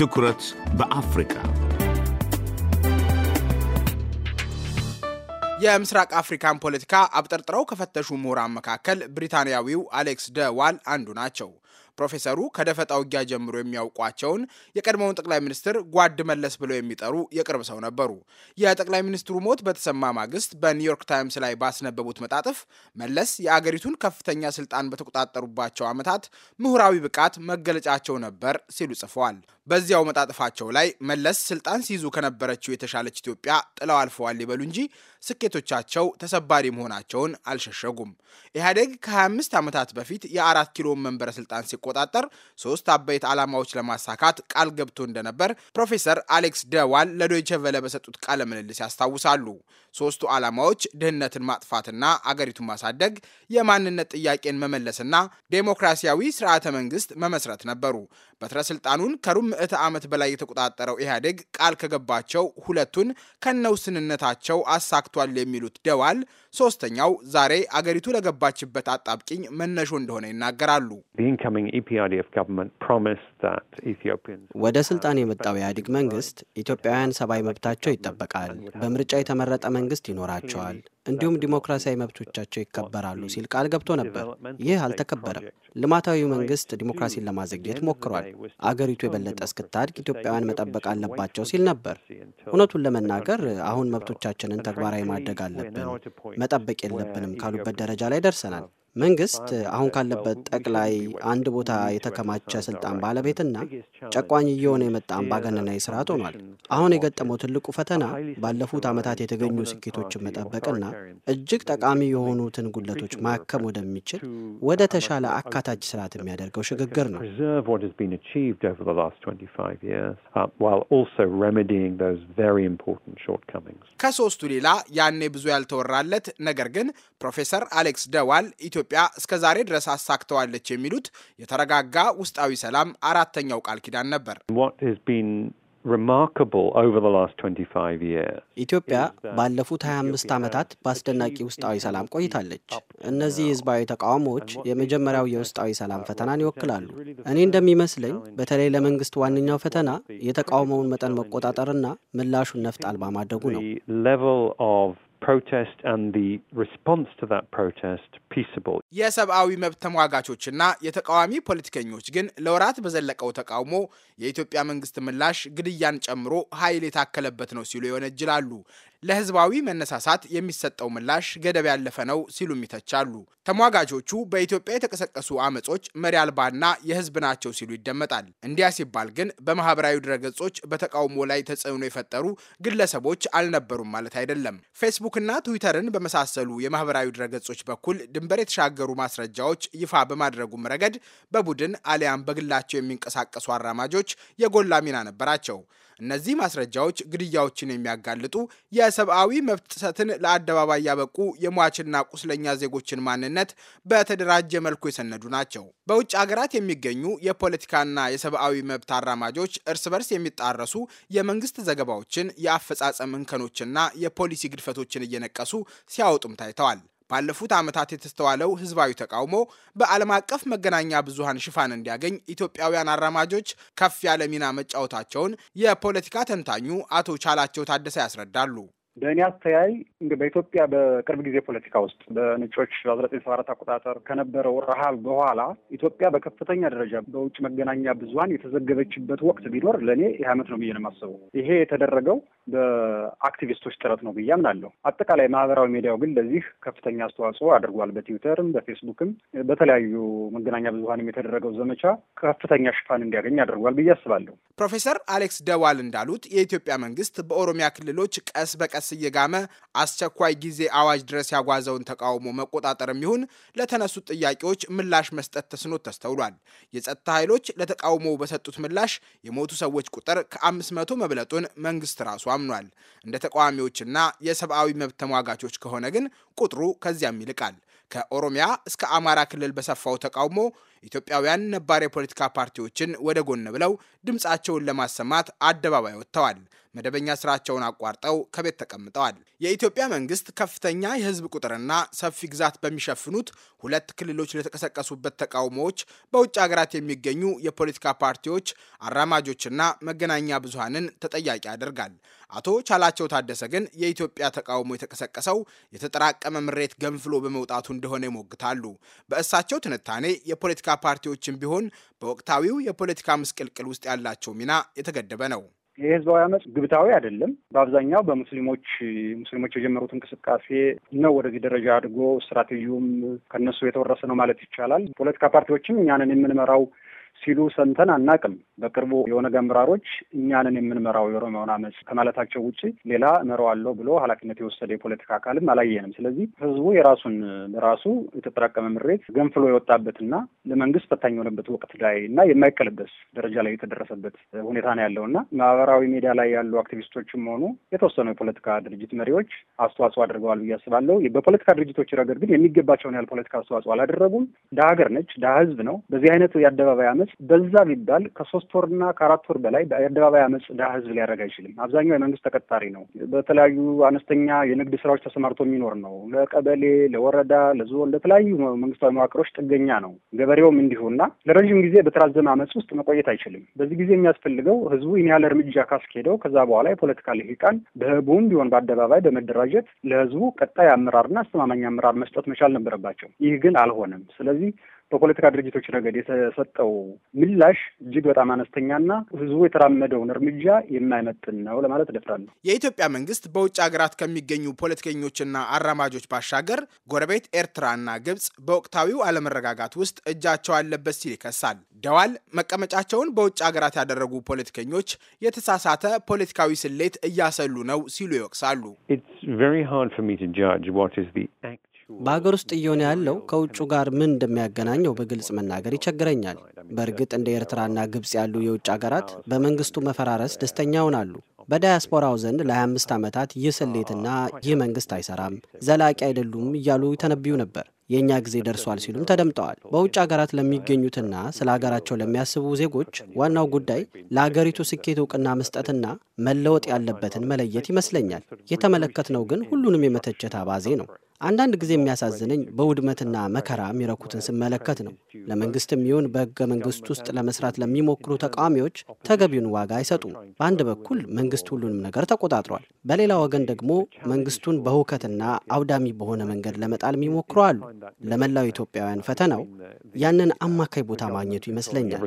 ትኩረት በአፍሪካ የምስራቅ አፍሪካን ፖለቲካ አብጠርጥረው ከፈተሹ ምሁራን መካከል ብሪታንያዊው አሌክስ ደዋል አንዱ ናቸው። ፕሮፌሰሩ ከደፈጣ ውጊያ ጀምሮ የሚያውቋቸውን የቀድሞውን ጠቅላይ ሚኒስትር ጓድ መለስ ብለው የሚጠሩ የቅርብ ሰው ነበሩ። የጠቅላይ ሚኒስትሩ ሞት በተሰማ ማግስት በኒውዮርክ ታይምስ ላይ ባስነበቡት መጣጥፍ መለስ የአገሪቱን ከፍተኛ ስልጣን በተቆጣጠሩባቸው ዓመታት ምሁራዊ ብቃት መገለጫቸው ነበር ሲሉ ጽፈዋል። በዚያው መጣጥፋቸው ላይ መለስ ስልጣን ሲይዙ ከነበረችው የተሻለች ኢትዮጵያ ጥለው አልፈዋል ይበሉ እንጂ ስኬቶቻቸው ተሰባሪ መሆናቸውን አልሸሸጉም። ኢህአዴግ ከ25 ዓመታት በፊት የአራት ኪሎ መንበረ ስልጣን ሲቆጣጠር ሶስት አበይት ዓላማዎች ለማሳካት ቃል ገብቶ እንደነበር ፕሮፌሰር አሌክስ ደዋል ለዶይቸ ቨለ በሰጡት ቃለ ምልልስ ያስታውሳሉ። ሶስቱ ዓላማዎች ድህነትን ማጥፋትና አገሪቱን ማሳደግ፣ የማንነት ጥያቄን መመለስና ዴሞክራሲያዊ ስርዓተ መንግስት መመስረት ነበሩ። በትረ ስልጣኑን ከሩብ ምዕተ ዓመት በላይ የተቆጣጠረው ኢህአዴግ ቃል ከገባቸው ሁለቱን ከነውስንነታቸው አሳክቷል የሚሉት ደዋል፣ ሶስተኛው ዛሬ አገሪቱ ለገባችበት አጣብቂኝ መነሾ እንደሆነ ይናገራሉ። e ወደ ስልጣን የመጣው ኢህአዴግ መንግስት ኢትዮጵያውያን ሰብአዊ መብታቸው ይጠበቃል፣ በምርጫ የተመረጠ መንግስት ይኖራቸዋል፣ እንዲሁም ዲሞክራሲያዊ መብቶቻቸው ይከበራሉ ሲል ቃል ገብቶ ነበር። ይህ አልተከበረም። ልማታዊ መንግስት ዲሞክራሲን ለማዘግየት ሞክሯል። አገሪቱ የበለጠ እስክታድግ ኢትዮጵያውያን መጠበቅ አለባቸው ሲል ነበር። እውነቱን ለመናገር አሁን መብቶቻችንን ተግባራዊ ማድረግ አለብን፣ መጠበቅ የለብንም ካሉበት ደረጃ ላይ ደርሰናል። መንግስት አሁን ካለበት ጠቅላይ አንድ ቦታ የተከማቸ ስልጣን ባለቤትና ጨቋኝ እየሆነ የመጣ አምባገነናዊ ስርዓት ሆኗል። አሁን የገጠመው ትልቁ ፈተና ባለፉት ዓመታት የተገኙ ስኬቶችን መጠበቅና እጅግ ጠቃሚ የሆኑትን ጉለቶች ማከም ወደሚችል uh, ወደ ተሻለ አካታች ስርዓት የሚያደርገው ሽግግር ነው። uh, ከሶስቱ ሌላ ያኔ ብዙ ያልተወራለት ነገር ግን ፕሮፌሰር አሌክስ ደዋል ኢትዮጵያ ኢትዮጵያ እስከ ዛሬ ድረስ አሳክተዋለች የሚሉት የተረጋጋ ውስጣዊ ሰላም አራተኛው ቃል ኪዳን ነበር። ኢትዮጵያ ባለፉት 25 ዓመታት በአስደናቂ ውስጣዊ ሰላም ቆይታለች። እነዚህ ህዝባዊ ተቃውሞዎች የመጀመሪያው የውስጣዊ ሰላም ፈተናን ይወክላሉ። እኔ እንደሚመስለኝ በተለይ ለመንግስት ዋነኛው ፈተና የተቃውሞውን መጠን መቆጣጠርና ምላሹን ነፍጥ አልባ ማድረጉ ነው። protest and the response to that protest peaceable። የሰብአዊ መብት ተሟጋቾችና የተቃዋሚ ፖለቲከኞች ግን ለወራት በዘለቀው ተቃውሞ የኢትዮጵያ መንግስት ምላሽ ግድያን ጨምሮ ኃይል የታከለበት ነው ሲሉ ይወነጅላሉ። ለህዝባዊ መነሳሳት የሚሰጠው ምላሽ ገደብ ያለፈ ነው ሲሉም ይተቻሉ። ተሟጋቾቹ በኢትዮጵያ የተቀሰቀሱ አመጾች መሪ አልባና የህዝብ ናቸው ሲሉ ይደመጣል። እንዲያ ሲባል ግን በማህበራዊ ድረገጾች በተቃውሞ ላይ ተጽዕኖ የፈጠሩ ግለሰቦች አልነበሩም ማለት አይደለም። ፌስቡክና ትዊተርን በመሳሰሉ የማህበራዊ ድረገጾች በኩል ድንበር የተሻገሩ ማስረጃዎች ይፋ በማድረጉም ረገድ በቡድን አሊያም በግላቸው የሚንቀሳቀሱ አራማጆች የጎላ ሚና ነበራቸው። እነዚህ ማስረጃዎች ግድያዎችን የሚያጋልጡ የሰብአዊ መብት ጥሰትን ለአደባባይ ያበቁ የሟችና ቁስለኛ ዜጎችን ማንነት በተደራጀ መልኩ የሰነዱ ናቸው። በውጭ ሀገራት የሚገኙ የፖለቲካና የሰብአዊ መብት አራማጆች እርስ በርስ የሚጣረሱ የመንግስት ዘገባዎችን፣ የአፈጻጸም እንከኖችና የፖሊሲ ግድፈቶችን እየነቀሱ ሲያወጡም ታይተዋል። ባለፉት ዓመታት የተስተዋለው ህዝባዊ ተቃውሞ በዓለም አቀፍ መገናኛ ብዙሃን ሽፋን እንዲያገኝ ኢትዮጵያውያን አራማጆች ከፍ ያለ ሚና መጫወታቸውን የፖለቲካ ተንታኙ አቶ ቻላቸው ታደሰ ያስረዳሉ። በእኔ አስተያይ እንግዲህ በኢትዮጵያ በቅርብ ጊዜ ፖለቲካ ውስጥ በነጮች በአስራ ዘጠኝ ሰባ አራት አቆጣጠር ከነበረው ረሃብ በኋላ ኢትዮጵያ በከፍተኛ ደረጃ በውጭ መገናኛ ብዙሀን የተዘገበችበት ወቅት ቢኖር ለእኔ ይህ ዓመት ነው ብዬ ነው የማስበው። ይሄ የተደረገው በአክቲቪስቶች ጥረት ነው ብዬ አምናለሁ። አጠቃላይ ማህበራዊ ሚዲያው ግን ለዚህ ከፍተኛ አስተዋጽኦ አድርጓል። በትዊተርም፣ በፌስቡክም በተለያዩ መገናኛ ብዙሀንም የተደረገው ዘመቻ ከፍተኛ ሽፋን እንዲያገኝ አድርጓል ብዬ አስባለሁ። ፕሮፌሰር አሌክስ ደዋል እንዳሉት የኢትዮጵያ መንግስት በኦሮሚያ ክልሎች ቀስ በቀስ ቀስ እየጋመ አስቸኳይ ጊዜ አዋጅ ድረስ ያጓዘውን ተቃውሞ መቆጣጠርም ይሁን ለተነሱት ጥያቄዎች ምላሽ መስጠት ተስኖት ተስተውሏል። የጸጥታ ኃይሎች ለተቃውሞው በሰጡት ምላሽ የሞቱ ሰዎች ቁጥር ከ500 መብለጡን መንግስት ራሱ አምኗል። እንደ ተቃዋሚዎችና የሰብአዊ መብት ተሟጋቾች ከሆነ ግን ቁጥሩ ከዚያም ይልቃል። ከኦሮሚያ እስከ አማራ ክልል በሰፋው ተቃውሞ ኢትዮጵያውያን ነባር የፖለቲካ ፓርቲዎችን ወደ ጎን ብለው ድምፃቸውን ለማሰማት አደባባይ ወጥተዋል። መደበኛ ስራቸውን አቋርጠው ከቤት ተቀምጠዋል። የኢትዮጵያ መንግስት ከፍተኛ የህዝብ ቁጥርና ሰፊ ግዛት በሚሸፍኑት ሁለት ክልሎች ለተቀሰቀሱበት ተቃውሞዎች በውጭ ሀገራት የሚገኙ የፖለቲካ ፓርቲዎች አራማጆችና መገናኛ ብዙሃንን ተጠያቂ ያደርጋል። አቶ ቻላቸው ታደሰ ግን የኢትዮጵያ ተቃውሞ የተቀሰቀሰው የተጠራቀመ ምሬት ገንፍሎ በመውጣቱ እንደሆነ ይሞግታሉ። በእሳቸው ትንታኔ የፖለቲካ ፓርቲዎችም ቢሆን በወቅታዊው የፖለቲካ ምስቅልቅል ውስጥ ያላቸው ሚና የተገደበ ነው። የህዝባዊ አመፅ ግብታዊ አይደለም። በአብዛኛው በሙስሊሞች ሙስሊሞች የጀመሩት እንቅስቃሴ ነው ወደዚህ ደረጃ አድጎ ስትራቴጂውም ከነሱ የተወረሰ ነው ማለት ይቻላል። ፖለቲካ ፓርቲዎችም እኛንን የምንመራው ሲሉ ሰምተን አናቅም። በቅርቡ የኦነግ አመራሮች እኛንን የምንመራው የኦሮሞውን አመፅ ከማለታቸው ውጭ ሌላ እመራዋለሁ ብሎ ኃላፊነት የወሰደ የፖለቲካ አካልም አላየንም። ስለዚህ ህዝቡ የራሱን በራሱ የተጠራቀመ ምሬት ገንፍሎ የወጣበትና ለመንግስት ፈታኝ የሆነበት ወቅት ላይ እና የማይቀለበስ ደረጃ ላይ የተደረሰበት ሁኔታ ነው ያለው እና ማህበራዊ ሜዲያ ላይ ያሉ አክቲቪስቶችም ሆኑ የተወሰኑ የፖለቲካ ድርጅት መሪዎች አስተዋጽኦ አድርገዋል ብዬ አስባለሁ። በፖለቲካ ድርጅቶች ረገድ ግን የሚገባቸውን ያህል ፖለቲካ አስተዋጽኦ አላደረጉም። ደሀ ሀገር ነች፣ ደሀ ህዝብ ነው። በዚህ አይነት የአደባባይ አመፅ ማለት በዛ ቢባል ከሶስት ወርና ከአራት ወር በላይ በአደባባይ አመፅ ዳ ህዝብ ሊያደርግ አይችልም። አብዛኛው የመንግስት ተቀጣሪ ነው። በተለያዩ አነስተኛ የንግድ ስራዎች ተሰማርቶ የሚኖር ነው። ለቀበሌ፣ ለወረዳ፣ ለዞን፣ ለተለያዩ መንግስታዊ መዋቅሮች ጥገኛ ነው። ገበሬውም እንዲሁና ለረዥም ጊዜ በተራዘመ አመፅ ውስጥ መቆየት አይችልም። በዚህ ጊዜ የሚያስፈልገው ህዝቡ ይህን ያለ እርምጃ ካስኬደው ከዛ በኋላ የፖለቲካ ልሂቃን በህቡም ቢሆን በአደባባይ በመደራጀት ለህዝቡ ቀጣይ አመራርና አስተማማኝ አመራር መስጠት መቻል ነበረባቸው። ይህ ግን አልሆነም። ስለዚህ በፖለቲካ ድርጅቶች ረገድ የተሰጠው ምላሽ እጅግ በጣም አነስተኛና ህዝቡ የተራመደውን እርምጃ የማይመጥን ነው ለማለት ደፍራለሁ። የኢትዮጵያ መንግስት በውጭ ሀገራት ከሚገኙ ፖለቲከኞችና አራማጆች ባሻገር ጎረቤት ኤርትራና ግብጽ በወቅታዊው አለመረጋጋት ውስጥ እጃቸው አለበት ሲል ይከሳል። ደዋል መቀመጫቸውን በውጭ ሀገራት ያደረጉ ፖለቲከኞች የተሳሳተ ፖለቲካዊ ስሌት እያሰሉ ነው ሲሉ ይወቅሳሉ። በሀገር ውስጥ እየሆነ ያለው ከውጩ ጋር ምን እንደሚያገናኘው በግልጽ መናገር ይቸግረኛል። በእርግጥ እንደ ኤርትራና ግብፅ ያሉ የውጭ ሀገራት በመንግስቱ መፈራረስ ደስተኛ ይሆናሉ። በዳያስፖራው ዘንድ ለ25 ዓመታት ይህ ስሌትና ይህ መንግስት አይሰራም፣ ዘላቂ አይደሉም እያሉ ተነብዩ ነበር። የእኛ ጊዜ ደርሷል ሲሉም ተደምጠዋል። በውጭ ሀገራት ለሚገኙትና ስለ ሀገራቸው ለሚያስቡ ዜጎች ዋናው ጉዳይ ለሀገሪቱ ስኬት እውቅና መስጠትና መለወጥ ያለበትን መለየት ይመስለኛል። የተመለከትነው ግን ሁሉንም የመተቸት አባዜ ነው። አንዳንድ ጊዜ የሚያሳዝነኝ በውድመትና መከራ የሚረኩትን ስመለከት ነው። ለመንግስትም ይሁን በህገ መንግስት ውስጥ ለመስራት ለሚሞክሩ ተቃዋሚዎች ተገቢውን ዋጋ አይሰጡም። በአንድ በኩል መንግስት ሁሉንም ነገር ተቆጣጥሯል፣ በሌላ ወገን ደግሞ መንግስቱን በሁከትና አውዳሚ በሆነ መንገድ ለመጣል የሚሞክሩ አሉ። ለመላው ኢትዮጵያውያን ፈተናው ያንን አማካይ ቦታ ማግኘቱ ይመስለኛል።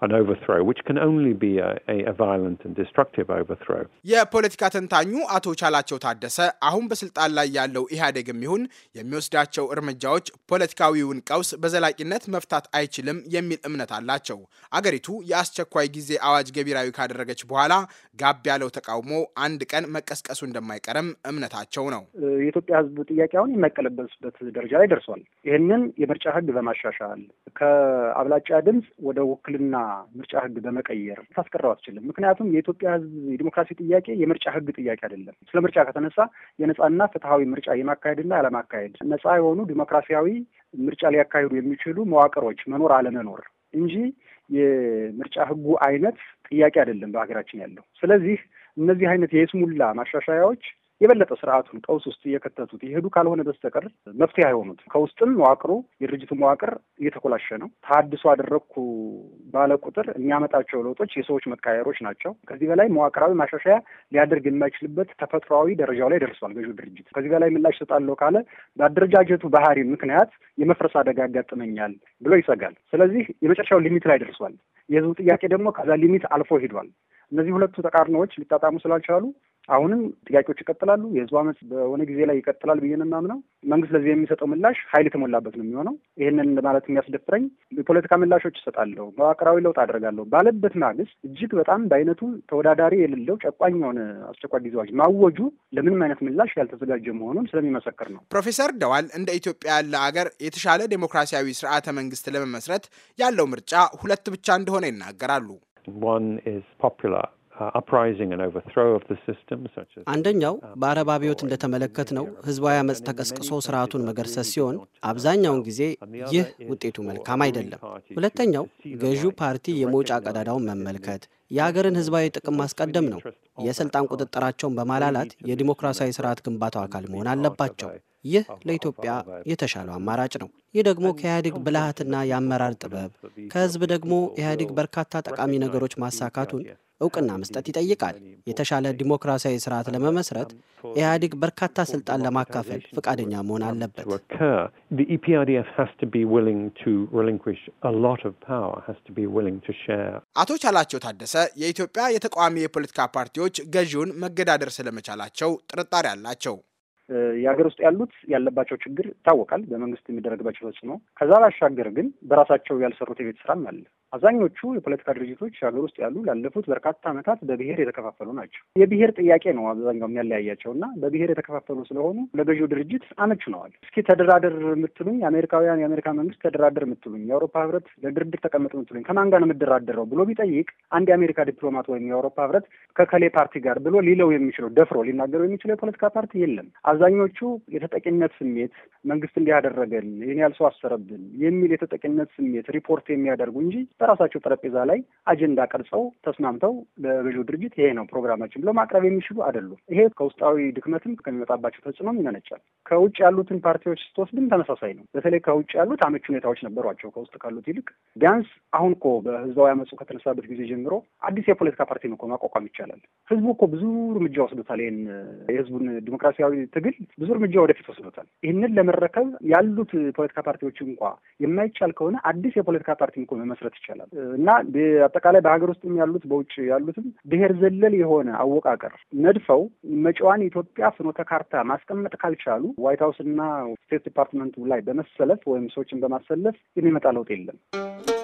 an overthrow, which can only be a, a violent and destructive overthrow. የፖለቲካ ተንታኙ አቶ ቻላቸው ታደሰ አሁን በስልጣን ላይ ያለው ኢህአዴግም ይሁን የሚወስዳቸው እርምጃዎች ፖለቲካዊውን ቀውስ በዘላቂነት መፍታት አይችልም የሚል እምነት አላቸው። አገሪቱ የአስቸኳይ ጊዜ አዋጅ ገቢራዊ ካደረገች በኋላ ጋብ ያለው ተቃውሞ አንድ ቀን መቀስቀሱ እንደማይቀርም እምነታቸው ነው። የኢትዮጵያ ሕዝብ ጥያቄ አሁን የማይቀለበስበት ደረጃ ላይ ደርሷል። ይህንን የምርጫ ሕግ በማሻሻል ከአብላጫ ድምፅ ወደ ውክልና ምርጫ ህግ በመቀየር ታስቀረው አትችልም። ምክንያቱም የኢትዮጵያ ህዝብ የዲሞክራሲ ጥያቄ የምርጫ ህግ ጥያቄ አይደለም። ስለ ምርጫ ከተነሳ የነጻና ፍትሐዊ ምርጫ የማካሄድና አለማካሄድ፣ ነጻ የሆኑ ዲሞክራሲያዊ ምርጫ ሊያካሂዱ የሚችሉ መዋቅሮች መኖር አለመኖር እንጂ የምርጫ ህጉ አይነት ጥያቄ አይደለም በሀገራችን ያለው። ስለዚህ እነዚህ አይነት የስሙላ ማሻሻያዎች የበለጠ ስርዓቱን ቀውስ ውስጥ እየከተቱት የሄዱ ካልሆነ በስተቀር መፍትሄ አይሆኑት። ከውስጥም መዋቅሩ የድርጅቱ መዋቅር እየተኮላሸ ነው። ታድሶ አደረግኩ ባለ ቁጥር የሚያመጣቸው ለውጦች የሰዎች መቃየሮች ናቸው። ከዚህ በላይ መዋቅራዊ ማሻሻያ ሊያደርግ የማይችልበት ተፈጥሯዊ ደረጃው ላይ ደርሷል። ገዢው ድርጅት ከዚህ በላይ ምላሽ ሰጣለሁ ካለ በአደረጃጀቱ ባህሪ ምክንያት የመፍረስ አደጋ ያጋጥመኛል ብሎ ይሰጋል። ስለዚህ የመጨረሻው ሊሚት ላይ ደርሷል። የህዝቡ ጥያቄ ደግሞ ከዛ ሊሚት አልፎ ሂዷል። እነዚህ ሁለቱ ተቃርኖዎች ሊጣጣሙ ስላልቻሉ አሁንም ጥያቄዎች ይቀጥላሉ። የህዝቡ አመፅ በሆነ ጊዜ ላይ ይቀጥላል ብዬ ነው የማምነው። መንግስት ለዚህ የሚሰጠው ምላሽ ኃይል የተሞላበት ነው የሚሆነው። ይህንን ማለት የሚያስደፍረኝ የፖለቲካ ምላሾች እሰጣለሁ፣ መዋቅራዊ ለውጥ አደርጋለሁ ባለበት ማግስት እጅግ በጣም በአይነቱ ተወዳዳሪ የሌለው ጨቋኝ የሆነ አስቸኳይ ጊዜ አዋጅ ማወጁ ለምንም አይነት ምላሽ ያልተዘጋጀ መሆኑን ስለሚመሰክር ነው። ፕሮፌሰር ደዋል እንደ ኢትዮጵያ ያለ አገር የተሻለ ዴሞክራሲያዊ ስርዓተ መንግስት ለመመስረት ያለው ምርጫ ሁለት ብቻ እንደሆነ ይናገራሉ። Uh, አንደኛው uh, በአረብ አብዮት እንደተመለከት ነው ህዝባዊ አመፅ ተቀስቅሶ ስርዓቱን መገርሰስ ሲሆን አብዛኛውን ጊዜ ይህ ውጤቱ መልካም አይደለም። ሁለተኛው ገዢው ፓርቲ የመውጫ ቀዳዳውን መመልከት የሀገርን ህዝባዊ ጥቅም ማስቀደም ነው። የስልጣን ቁጥጥራቸውን በማላላት የዲሞክራሲያዊ ስርዓት ግንባታው አካል መሆን አለባቸው። ይህ ለኢትዮጵያ የተሻለው አማራጭ ነው። ይህ ደግሞ ከኢህአዴግ ብልሃትና የአመራር ጥበብ፣ ከህዝብ ደግሞ ኢህአዴግ በርካታ ጠቃሚ ነገሮች ማሳካቱን እውቅና መስጠት ይጠይቃል። የተሻለ ዲሞክራሲያዊ ስርዓት ለመመስረት ኢህአዴግ በርካታ ስልጣን ለማካፈል ፈቃደኛ መሆን አለበት። e አቶ ቻላቸው ታደሰ የኢትዮጵያ የተቃዋሚ የፖለቲካ ፓርቲዎች ገዢውን መገዳደር ስለመቻላቸው ጥርጣሬ አላቸው። የሀገር ውስጥ ያሉት ያለባቸው ችግር ይታወቃል፣ በመንግስት የሚደረግባቸው ተጽዕኖ። ከዛ ባሻገር ግን በራሳቸው ያልሰሩት የቤት ስራም አለ። አብዛኞቹ የፖለቲካ ድርጅቶች ሀገር ውስጥ ያሉ ላለፉት በርካታ ዓመታት በብሔር የተከፋፈሉ ናቸው። የብሔር ጥያቄ ነው አብዛኛው የሚያለያያቸው እና በብሔር የተከፋፈሉ ስለሆኑ ለገዢው ድርጅት አመች ነዋል። እስኪ ተደራደር የምትሉኝ የአሜሪካውያን የአሜሪካ መንግስት ተደራደር የምትሉኝ፣ የአውሮፓ ህብረት ለድርድር ተቀመጥ የምትሉኝ ከማን ጋር ነው የምደራደረው ብሎ ቢጠይቅ አንድ የአሜሪካ ዲፕሎማት ወይም የአውሮፓ ህብረት ከከሌ ፓርቲ ጋር ብሎ ሊለው የሚችለው ደፍሮ ሊናገረው የሚችለው የፖለቲካ ፓርቲ የለም። አብዛኞቹ የተጠቂነት ስሜት መንግስት ያደረገን ይህን ያልሰው አሰረብን የሚል የተጠቂነት ስሜት ሪፖርት የሚያደርጉ እንጂ በራሳቸው ጠረጴዛ ላይ አጀንዳ ቀርጸው ተስማምተው ለገዢው ድርጅት ይሄ ነው ፕሮግራማችን ብለው ማቅረብ የሚችሉ አይደሉም። ይሄ ከውስጣዊ ድክመትም ከሚመጣባቸው ተጽዕኖም ይመነጫል። ከውጭ ያሉትን ፓርቲዎች ስትወስድም ተመሳሳይ ነው። በተለይ ከውጭ ያሉት አመች ሁኔታዎች ነበሯቸው ከውስጥ ካሉት ይልቅ። ቢያንስ አሁን እኮ በህዝባዊ አመፁ ከተነሳበት ጊዜ ጀምሮ አዲስ የፖለቲካ ፓርቲ እኮ ማቋቋም ይቻላል። ህዝቡ እኮ ብዙ እርምጃ ወስዶታል። ይህን የህዝቡን ዲሞክራሲያዊ ትግል ብዙ እርምጃ ወደፊት ወስዶታል። ይህንን ለመረከብ ያሉት ፖለቲካ ፓርቲዎች እንኳ የማይቻል ከሆነ አዲስ የፖለቲካ ፓርቲ እኮ መመስረት ይቻላል። ይከላከላል እና አጠቃላይ በሀገር ውስጥም ያሉት በውጭ ያሉትም ብሔር ዘለል የሆነ አወቃቀር ነድፈው መጪዋን ኢትዮጵያ ፍኖተ ካርታ ማስቀመጥ ካልቻሉ ዋይት ሀውስ እና ስቴት ዲፓርትመንቱ ላይ በመሰለፍ ወይም ሰዎችን በማሰለፍ የሚመጣ ለውጥ የለም።